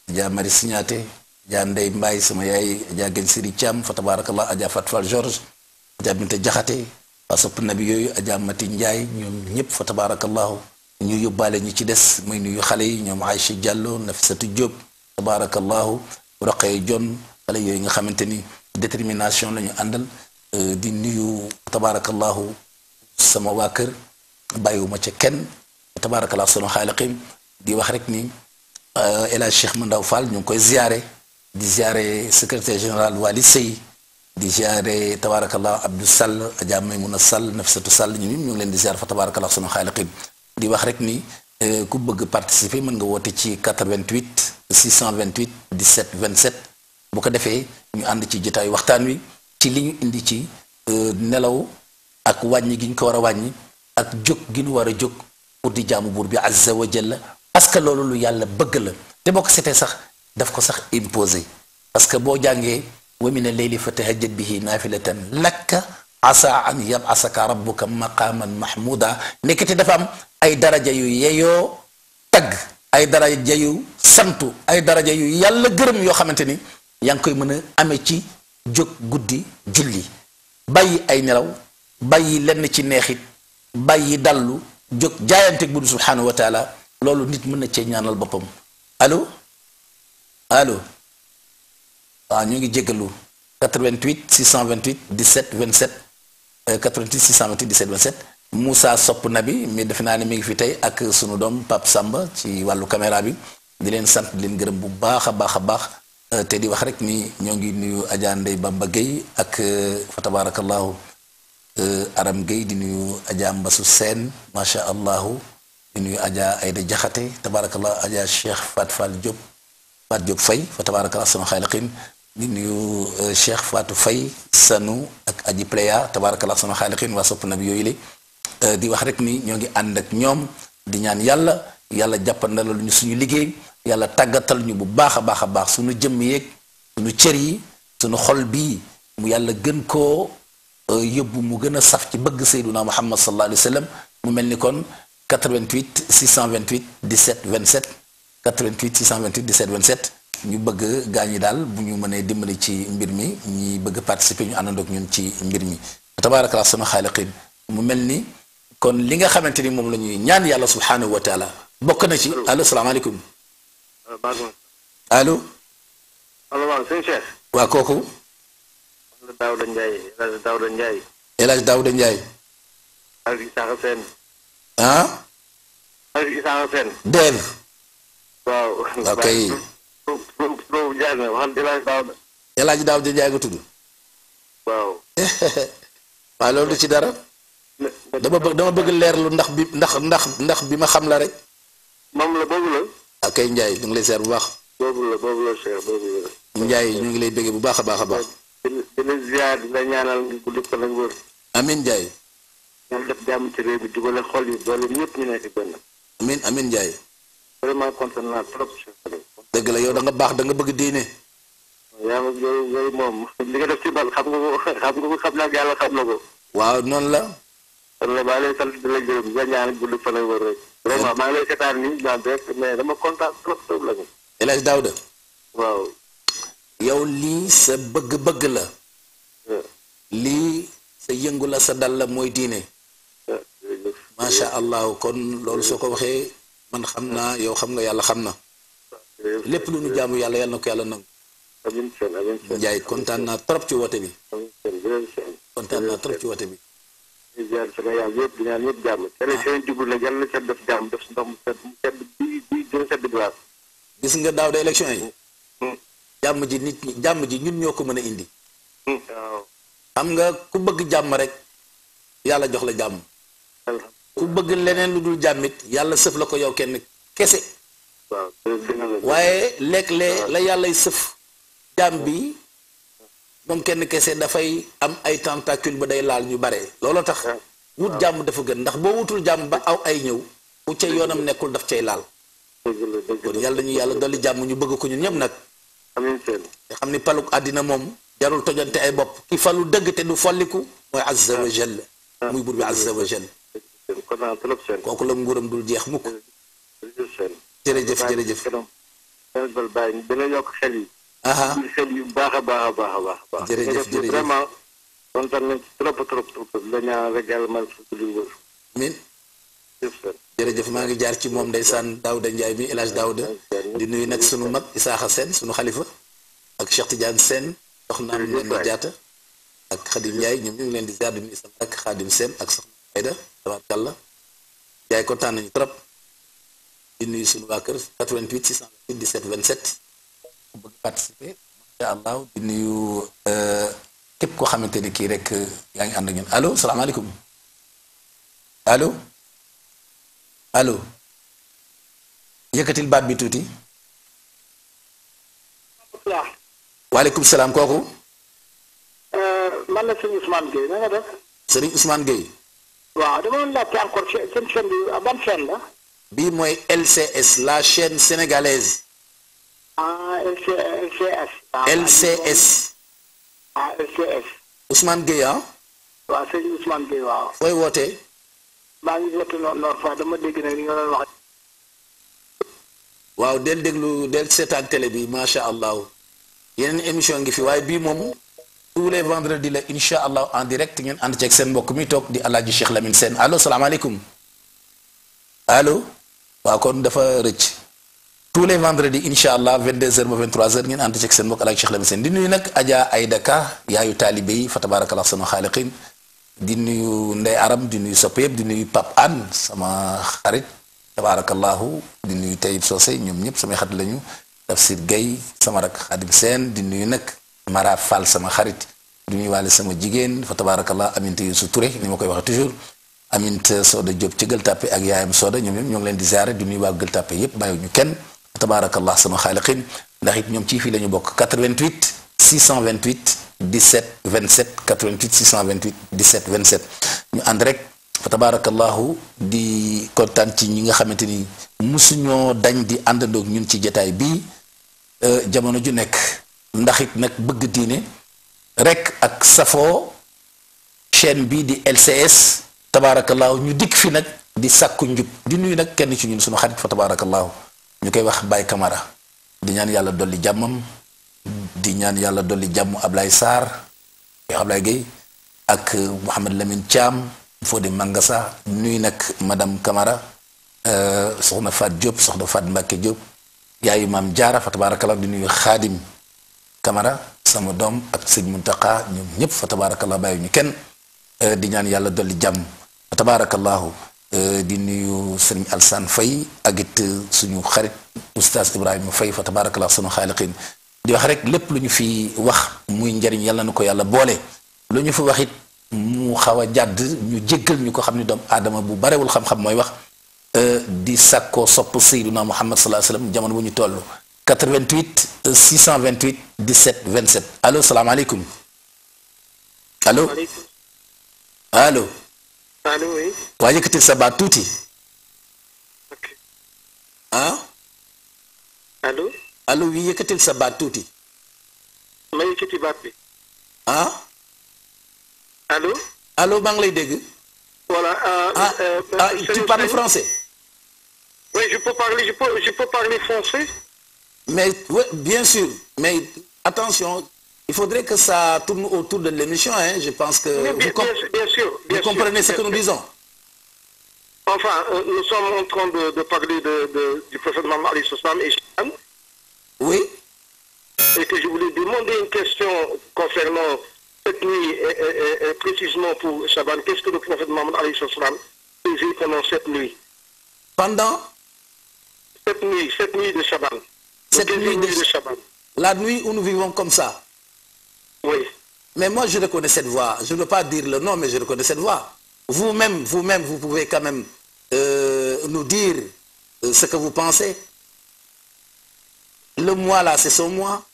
Adja Mari Siñaate Adja Ndeye Mbaye sama yaay Adja Gën Siri am fa tabarakallah Adja Fat Fall George Adja Binta Jaxate waa sopp nabi yooyu Adja Mati Ndiaye ñoom ñëpp fa tabarakallahu ñu yóbbaale ñu ci des muy nuyu xale yi ñoom Aïcha Diallo Nafisatu Diop tabarakallahu Roqee Jon xale yooyu nga xamante ni détermination lañu ñu àndal euh, di nuyu tabarakallahu sama waa kër bàyyiwuma ca kenn tabarakallahu sunu xaaliqim di wax rek ni euh, El Hadj Cheikh Mandaw Fall ñu ngi koy ziyaare di ziare secrétaire général Waly Sey di ziare tabarakallah Abdou Sall Adja Maymuna Sall Nafisatu Sall ñu ñu ngi leen di ziare fa tabarakallah sunu xaaliqin di wax rek ni eh, ku bëgg participer mën nga woote ci di 628 17 27 bu ko defee ñu ànd ci jotaayu waxtaan wi ci li ñu indi ci eh, nelaw ak wàññi gi ñu ko war a wàññi ak jóg gi nu war a jóg pour di jaamu buur bi azza wa jalla parce que loolu lu yàlla bëgg la te boo ko sax. daf ko sax imposé parce que boo jàngee wa mina leyli fa tahajjat bihi naafilatan lakka asa an yabasaka rabbuka maqaman mahmuda nekkati dafa am ay daraja yu yeyoo tagg ay daraja yu santu ay daraja yu yàlla gërëm yoo xamante ni yaa ngi koy mën a amee ci jóg guddi julli bàyyi ay nelaw bàyyi lenn ci neexit bàyyi dallu jóg jaayante guddi subhanahu wa taala loolu nit mën na cee ñaanal boppam allo allo waaw ah, ñoo ngi jégalu 88 628 17 27 88 628 17 27 Moussa Sopp Nabi mi defe naa ne mi ngi fi tey ak sunu doom Pape Samba ci wàllu caméra bi di leen sant di leen gërëm bu baax a baax a baax euh, te di wax rek ni ñoo ngi nuyu Adja Ndeye Bamba Gueye ak euh, fa tabarakallahu euh, Aram Gueye di nuyu Adja Mbasu Seen macha allahu di nuyu Adja Ayda Jaxate tabarakallahu Adja Cheikh Fat Fall فات جوك فاي فتبارك الله سنو خالقين نيو الشيخ فاتو فاي سنو اك ادي بلايا تبارك الله سنو خالقين واسوب نبيو يلي دي وحرك ني نيوغي عندك نيوم دي نيان يالا يالا جابن نلو نيو سنو لغي يالا تاقتل نيو بباخ باخ باخ سنو جميك سنو چري سنو خل بي مو يالا جنكو يبو مو جنة صفكي بغ سيدونا محمد صلى الله عليه وسلم مو ملني كون 88 628 17 27 88 628 17 27 ñu bëgg gaañ yi daal bu ñu mënee dimbali ci mbir mi ñi bëgg participer ñu àndandoog ñun ci mbir mi tabaarakallaa sunu xaaliqin mu mel ni kon li nga xamante ni moom la ñaan yàlla subhaanahu wa taala bokk na ci allo salaamaaleykum. allo. allo waa kooku. Daouda Ndiaye El Hadj Daouda Ndiaye. El Hadj Daouda Ndiaye. Alioune Isaaxa waaw. waaw kay. boobu daaw na waxal El Hadj *laughs* waaw. loolu du ci dara. dama bëgg dama bëgg leerlu ndax bi ndax ndax ndax bi ma xam la rek. moom la boobu la. waaw kay Ndiaye ñu ngi seer bu baax. boobu la boobu la Cheikh boobu la. Ndiaye ñu ngi lay bëggee bu baax a baax a baax. dina ziar dina ñaanal nga gudd fan ak wër. amiin Ndiaye. ci réew bi dugale xol yi doole ñëpp ñu vraiment kontaan naa trop. dëgg la yow da baax da bëgg diine. li nga def ci man waaw noonu la. kon nag maa la gërëm la ñaan mais dama kontaan trop trop la ko. El Hadj Daouda. lii sa bëgg-bëgg la. lii sa yëngu la sa dal la mooy diine. macha allah kon loolu soo ko waxee. man xam naa yow xam nga yàlla xam na lépp lu ñu jaamu yàlla yàlla na ko yàlla nangu njaay kontaan naa trop ci woote bi kontaan naa ci woote bi jaar sama yëpp di ñaan a sedd glace gis nga daaw de élection yi mm. Mm. jàmm ji nit ñi jàmm ji ñun ñoo ko mën a indi mm. xam nga ku bëgg jàmm rek yàlla jox la jàmm ku bëgg leneen lu dul jàmmit yàlla sëf la ko yow kenn kese waaye lekk léeg la yàllay sëf jàmm bi moom kenn kese dafay am ay tentacule ba day laal ñu bare looloo tax ah. wut jàmm dafa gën ndax boo wutul jàmm ba aw ay ñëw ku ca yoonam nekkul daf cay laal kon yàlla ñu yàlla dolli jàmm ñu bëgg ko ñu ñëpp nag te xam ni paluk àddina moom jarul tojante ay bopp ki falu dëgg te du folliku mooy azza wa ah. jalla ah. muy buur bi azza wa jalla kooku la nguuram dul jeex mukk jërëjëf jërëjëf dina yokk xel yi yu baax a baax baax a baax jërëjëf jërëjëf vraiment kontaan nañ ci trop trop maa ngi jaar ci moom ndeysaan Daouda Ndiaye mi El Hadj Daouda di nuy nag sunu mag Isaaxa Sène sunu xalifa ak Cheikh Tidiane Sène soxna am leen jaata ak Xadim Ndiaye ñoom ñu ngi leen di ziar di nuyu sama rakk Xadim Sène ak soxna Ayda tabarkàlla yaay kontaan nañu trop di nuyu suñu waa kër 88 628 17 27 bëgg participer allah di nuyu képp koo xamante ni kii rek yaa ngi ànd ak ñun allo salaamaaleykum allo allo yëkkatil baat bi tuuti. waaleykum salaam kooku. man la Ousmane Gueye nga def. Ousmane Gueye. waaw dama doon laajte encore seen ah, la. bii mooy LCS la chaîne sénégalaise. ah LCS. LCS. ah LCS. Ah, ah? waaw sëñ Ousmane maa ngi woote Nord Foire dama dégg li nga doon wax. waaw del déglu del seetaan télé bi macha allah yeneen émission ngi fi waaye bii moom. tous les vendredis la incha allah en direct ngeen ànd ceeg seen mbokk mi toog di alaaji Cheikh Lamine Sène allo salaamaaleykum allo waaw kon dafa rëcc tous les vendredis incha allah 22h ba 23h ngeen ànd ceeg seen mbokk alaaji Cheikh Lamine Sène di nuyu nag Adja Aïda Ka yaayu taalibe yi fa tabaarakallah sama xaaliqin di nuyu Ndey arab di nuyu sopp yëpp di nuyu Pape Anne sama xarit tabaarakallahu di nuyu Tayib Socé ñoom ñëpp samay xarit lañu Tafsir sama rak Xadim di nuyu nag. Mara Fall sama xarit du ñuy waale sama jigéen fa tabaarakallah Aminta su Touré ni ma koy waxee toujours Aminta Soda Diop ci Gëltape ak yaayam Soda ñoom ñoo ngi leen di ziare du ñuy waa Gëltape yépp bàyyiwuñu kenn fa tabaarakallah sama xaaliqin ndax it ñoom ci fii la ñu bokk 88 628 17 27 88 628 17 27 ñu ànd rek fa tabaarakallahu di kontaan ci ñi nga xamante ni mosuñoo dañ di àndandoog ñun ci jataay bi euh, jamono ju nekk. ndax it nag bëgg diine rekk ak safoo chaîne bi di LCS tabaarakallaahu ñu dikk fi nag di sàkku njub di nuyu nag kenn ci ñun suñu xarit fa tabaarakallaahu ñu koy wax Baye Camara di ñaan yàlla dolli jàmmam di ñaan yàlla dolli jàmm Ablaye Sarr Ablaye Gueye ak Mouhamed Lamine Thiam Fodé Mangasa nuyu nag madame Camara euh, soxna Fat Diop soxna Fat Mbacke Diop yaayu maam Jaara fa tabaarakallaahu di nuyu xaadim Camara sama dom ak sëñ muntaka ñom ñep fa tabaarakallah bayu ñu kenn di ñaan yàlla dolli jàmm fa tabaarakallahu di nuyu sëñ alsan Fay ak it suñu xarit oustaz ibrahim Fay fa tabaarakallah sunu khaliqin di wax rek lépp luñu fi wax muy ndariñ yàlla nako yàlla bolé luñu fi waxit mu xawa jàdd ñu jéggal ñu ko xam ne doomu aadama bu barewul xam-xam moy wax di sakko sop sayyiduna Muhammad sallallahu alayhi wasallam jamono bu ñu tollu 88 628 17 27 Allô, salam allô Allô. Allô. Allô, oui. baat tuuti ah Hein allô Allô, oui, que tu tuuti pas tout. baat bi ah allô allô bangladesh voilà euh, ah, euh, euh, ah tu parles français oui je peux parler je peux je peux parler français mais oui, bien sûr, mais attention, il faudrait que ça tourne autour de l'émission. Hein. Je pense que bien, vous, bien sûr, vous comprenez ce que nous disons. Enfin, euh, nous sommes en train de, de parler de, de, du prophète Mohammed Ali et Chan. Oui. Et que je voulais demander une question concernant cette nuit, et, précisément pour Chaban. Qu'est-ce que le prophète Mohamed Ali Sossam faisait pendant cette nuit Pendant Cette nuit, cette nuit de Chaban. Cette nuit de, la nuit où nous vivons comme ça. Oui. Mais moi, je reconnais cette voix. Je ne veux pas dire le nom, mais je reconnais cette voix. Vous-même, vous-même, vous pouvez quand même euh, nous dire euh, ce que vous pensez. Le mois là, c'est son mois.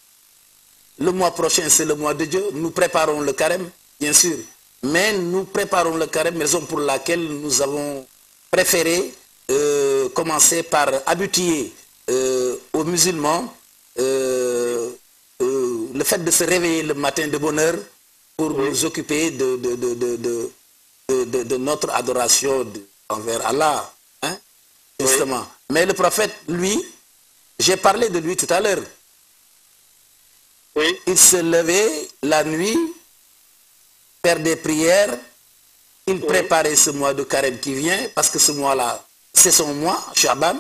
Le mois prochain, c'est le mois de Dieu. Nous préparons le carême, bien sûr. Mais nous préparons le carême, raison pour laquelle nous avons préféré euh, commencer par habituer euh, aux musulmans euh, euh, le fait de se réveiller le matin de bonheur pour nous occuper de, de, notre adoration envers Allah. Hein, justement. Mais le prophète, lui, j'ai parlé de lui tout à l'heure. Il se levait la nuit, faire des prières, il préparait ce mois de carême qui vient, parce que ce mois-là, c'est son mois, Shaban.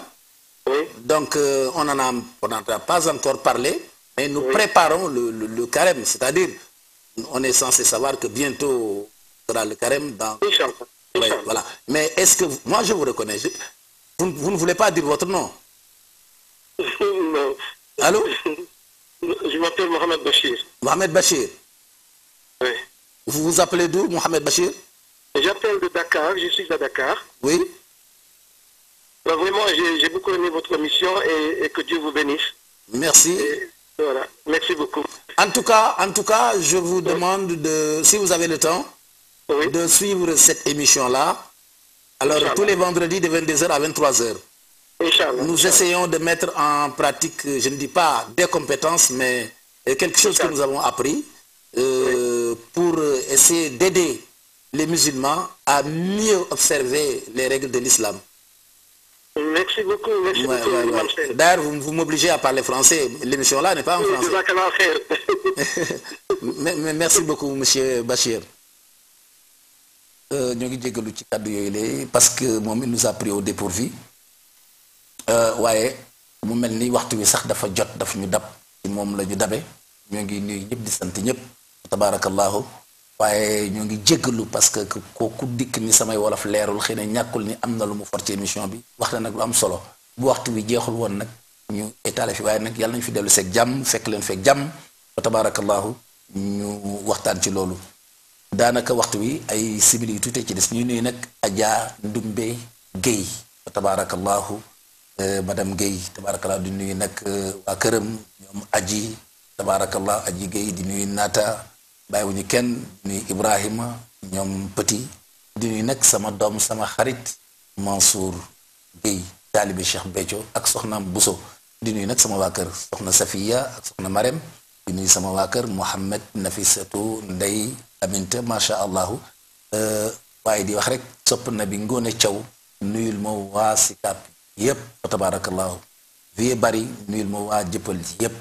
Donc, euh, on n'en a, on a pas encore parlé, mais nous préparons le, le, carême, c'est-à-dire, on est censé savoir que bientôt sera le carême dans... voilà. Mais est-ce que... Moi, je vous reconnais. Vous, vous, ne voulez pas dire votre nom *laughs* Non. Allô *laughs* Je m'appelle Mohamed Bachir. Mohamed Bachir Oui. Vous vous appelez d'où, Mohamed Bachir J'appelle de Dakar, je suis à Dakar. Oui vraiment, j'ai beaucoup aimé votre mission et, que Dieu vous bénisse. Merci. voilà, merci beaucoup. En tout cas, en tout cas, je vous demande de, si vous avez le temps, de suivre cette émission-là. Alors tous les vendredis de 22h à 23h. Nous essayons de mettre en pratique, je ne dis pas des compétences, mais quelque chose que nous avons appris euh, pour essayer d'aider les musulmans à mieux observer les règles de l'islam. Merci beaucoup, Monsieur ouais, D'ailleurs, vous, m'obligez à parler français. L'émission là n'est pas en oui, français. *laughs* merci beaucoup, monsieur Bachir. Euh, ñoo ngi jégalu ci kàddu yooyu parce que moom il nous a pris au dépourvu euh, waaye mu mel ni waxtu wi sax dafa jot daf ñu dab ci moom la ñu dabe ñoo ngi nuyu ñëpp di sant ñëpp tabarakallah. waaye ñoo ngi jéggalu parce que kooku dikk ni samay wolof leerul xëy na ñàkkul ni am na lu mu for ci émission bi wax na nag lu am solo bu waxtu bi jeexul woon nag ñu étalé fi waaye nag yàlla nañu fi dellu seeg jàmm fekk leen fekk jàmm wa tabaarakallaahu ñu waxtaan ci loolu daanaka waxtu wi ay simili yu tuute ci des ñu nuyu nag Adja Ndumbe Guèye wa tabaarakallaahu euh, madame Guèye tabaarakallaahu di nuyu nag euh, waa këram ñoom aji tabaarakallaahu aji Guèye di nuy naata bàyyiwuñu kenn ni Ibrahima ñoom petit di nuyu nag sama doom sama xarit Mansour Guèye taalibi Cheikh bejo ak soxna buso di nuyu nag sama waa kër soxna Safiya ak soxna Marème di nuyu sama waa kër Mouhamed Nafisatu Ndey Aminta macha allahu waaye di wax rek sopp na bi Ngoone Thiaw nuyul ma waa Sicap yépp tabarakallahu vie bari nuyul ma waa jëppal yépp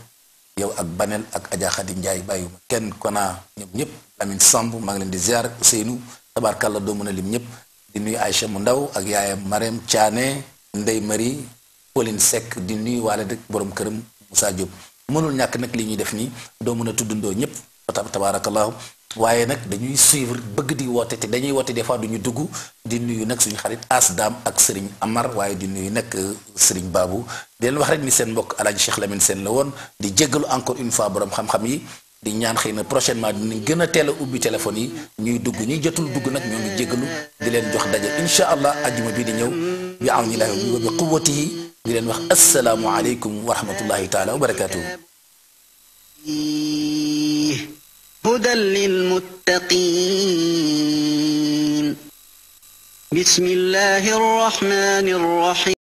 yow ak Banel ak Adja Khady Ndiaye bàyyiwuma kenn konaa ñoom ñëpp Lamine Samb maa ngi leen di ziar Ousseynou tabaarkàlla doo mën a lim ñëpp di nuyu Aïcha mu ndaw ak yaayam Marème Thiané Ndeye Marie Pauline sekk di nuyu waale rek borom këram saa Diop mënul ñàkk nag li ñuy def nii doo mën a tuddundoo ñëpp tabaarakallahu waaye nag dañuy suivre bëgg di woote te dañuy woote des fois duñu dugg di nuyu nag suñu xarit Asdam ak sëriñ Amar waaye di nuyu nag euh, Serigne Babu di leen wax rek ni seen mbokk El Hadj Cheikh seen la woon di jéggalu encore une fois borom xam-xam yi. di ñaan xëy na prochainement dinañ gën a teel ubbi téléphone yi ñuy dugg ñuy jotul dugg nag ñoo ngi jëggalu di leen jox daje incha allah ajuma bii di ñëw bi awnillahi wa bi quwwatihi di leen wax asalaamu aleykum wa rahmatullahi taala wa barakaatuhu هدى للمتقين بسم الله الرحمن الرحيم